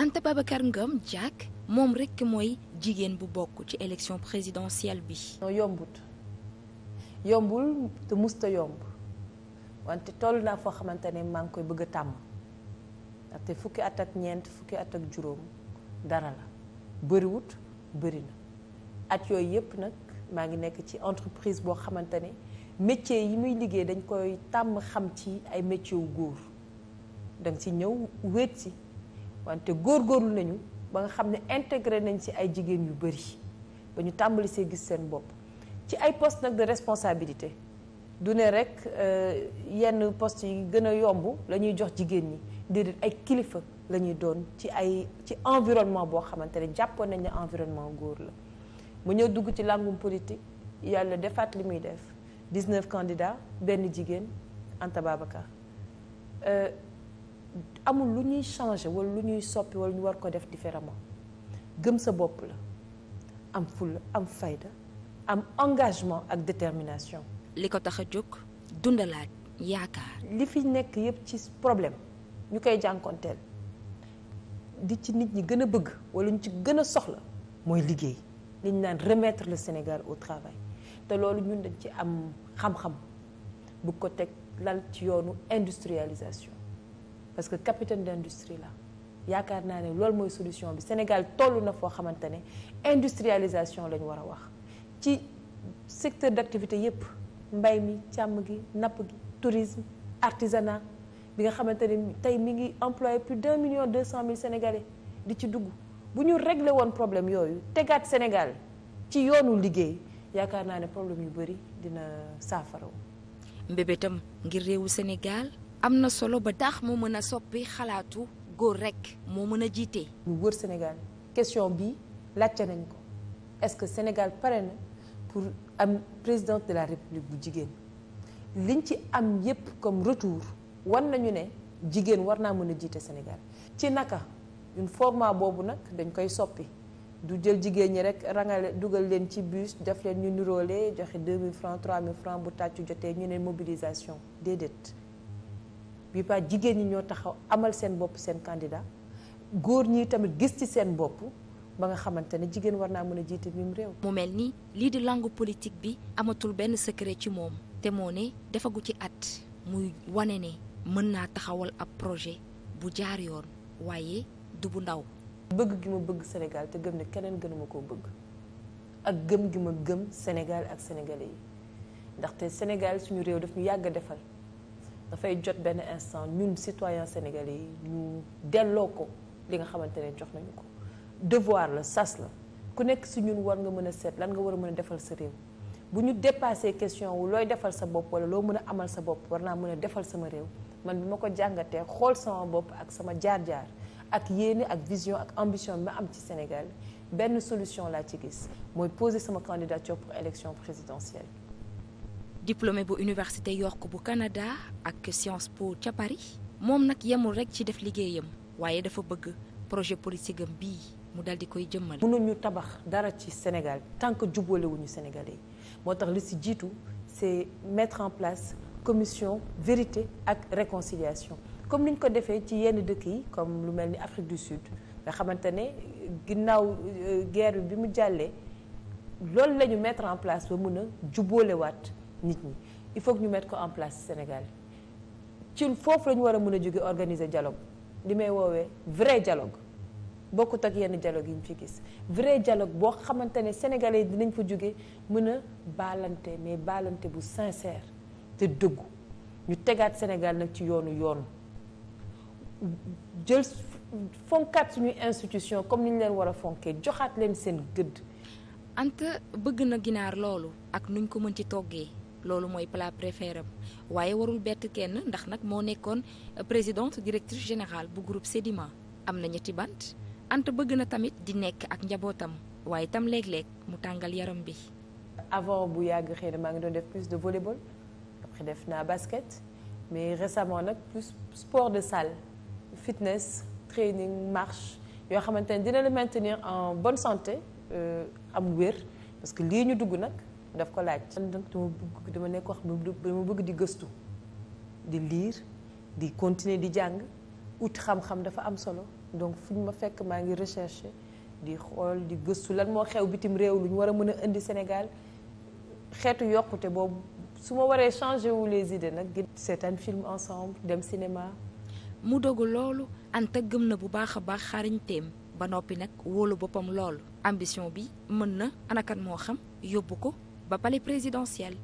Anta Babacar Ngom Diack moom rekk mooy jigéen bu bokk ci élection présidentielle bi. non yombut yombul te musta yomb wante toll naa foo xamante ne maa ngi koy bëgg a tàmm ndaxte fukki at ak ñeent fukki at ak juróom dara la bëriwut bëri na at yooyu yëpp nag maa ngi nekk ci entreprise boo xamante ne métier yi muy liggéey dañ koy tàmm xam ci ay métier góor danga ci ñëw wéet si. wante góor góorgóorlu nañu ba nga xam ne intégré nañ ci ay jigéen yu bëri ba ñu tàmbali see gis seen bopp ci ay poste nag de responsabilité du ne rek euh, yenn poste yi gën a yomb la ñuy jox jigéen ñi déedéet ay kilifa la ñuy doon ci ay ci environnement boo xamante ne jàppoon nañ ne environnement góor la mu ñëw dugg ci làngum politique yàlla defaat li muy def 19 candidats benn jigéen Anta Babacar euh, amul lu ñuy changer wala lu ñuy soppi wala ñu war ko def différemment gëm sa bopp la am fulla am fayda am engagement ak détermination. li ko tax a jóg dundalaat yaakaar. li fi nekk yépp ci problème ñu koy jànkonteel di ci nit ñi gën a bëgg wala ñu ci gën a soxla mooy liggéey li ñu naan remettre le Sénégal au travail te loolu ñun dañ ci am xam-xam bu ko teg lal ci yoonu industrialisation. parce que capitaine d'industrie la yaakaar naa ne loolu mooy solution bi Sénégal toll na foo xamante ne industrialisation lañu war a wax ci secteur d'activité yépp mbay mi càmm gi napp gi tourisme artisanat bi nga xamante ne tey mi ngi employé plus d'un million deux cent mille sénégalais di ci dugg bu ñu réglé woon problème yooyu tegaat Sénégal ci yoonu liggéey yaakaar naa ne problème yu bari dina saafaraw mbébétam ngir réewu Sénégal am na solo ba tax mu mën a soppi xalaatu góor rekk moo mën a jiite. lu wër Sénégal question bi laajte nañ ko est-ce que Sénégal pare na pour am président de la République bu jigéen liñ ci am yépp comme retour wan nañu ne jigéen war naa mën a jiite Sénégal ci naka une format boobu nag dañ koy soppi du jël jigéen ñi rek rangale dugal leen ci bus def leen ñu niroole joxe 2000 francs 3000 francs bu tàccu jotee ñu ne mobilisation déedéet bi jigéen ñi ñoo taxaw amal seen bopp seen candidat góor ñi tamit gis ci seen bopp ba nga xamante ne jigéen war naa mën a jiite mim réew. mu mel ni lii di langue politique bi amatul benn secret ci moom te moo ne defagu ci at muy wane ne mën naa taxawal ab projet bu jaar yoon waaye du bu ndaw. bëgg gi ma bëgg senegal te gëm ne keneen gënuma koo bëgg ak gëm gi ma gëm senegal ak sénégalais yi ndaxte Sénégal suñu réew daf ñu yàgg a defal. dafay jot benn instant ñun citoyen sénégal yi ñu delloo ko li nga xamante ne jox nañu ko devoir la sas la ku nekk si ñun war nga mën a seet lan nga war a mën a defal sa réew bu ñu dépassé question wu looy defal sa bopp wala loo mën a amal sa bopp war naa mën a defal sama réew man bi ma ko jàngatee xool sama bopp ak sama jaar-jaar ak yéene ak vision ak ambition bi ma am ci Sénégal benn solution laa ci gis mooy poser sama candidature pour élection présidentielle diplômé bu université York bu Canada ak Sciences Po ca Paris moom nag yemul rek ci def liggéeyam waaye dafa bëgg projet politique bii mu dal di koy jëmmal. mënuñu tabax dara ci Sénégal tant que jubboolewuñu Sénégalais moo tax li si jiitu c'est mettre en place commission vérité ak réconciliation comme ni ñu ko defee ci yenn dëkk yi comme lu mel ni Afrique du Sud nga xamante ne ginnaaw euh, guerre bi mu jàllee loolu lañu ñu en place ba mun a jubboolewaat nit ñi il faut ñu met ko en place Sénégal ci foofu la war a mën a jóge organiser dialogue li may woowee vrai dialogue bokkut ak yenn dialogue yi ñu fi gis vrai dialogue boo xamante ne sénégalais dinañ fa jóge mën a balante mais baalante bu sincère te dëggu ñu tegaat Sénégal nag ci yoonu yoonu jël fonkaat suñuy institution comme ni leen war a fonkee joxaat leen seen gëdd. Anta bëgg na ginaar loolu ak nuñ ko mën ci toggee. loolu mooy plat préféré waaye warul bett kenn ndax nag moo nekkoon présidente directrice général bu groupe Sedima am na ñetti bant ant bëgg na tamit di nekk ak njabootam waaye tam léeg-léeg mu tàngal yaram bi. avant bu yàgg xëy na maa ngi doon def plus de volleyball après def naa basket mais récemment nag plus sport de salle fitness training marche yoo xamante ne dina la maintenir en bonne santé euh, am wér parce que lii ñu dugg nag. daf ko laaj. man nag dama bëgg dama nekk wax dama bëgg di gëstu di liir di continuer di jàng ut xam-xam dafa am solo donc fu ñu ma fekk maa ngi recherche di xool di gëstu lan moo xew bitim réew lu ñu war a mën a indi Sénégal xeetu yokkute boobu su ma waree changer wu les idées nag. seetaan film ensemble dem cinéma. mu dogu loolu Anta gëm na bu baax a baax xarañteem ba noppi nag woolu boppam loolu ambition bi mën na anakan moo xam yóbbu ko. ba palais présidentiel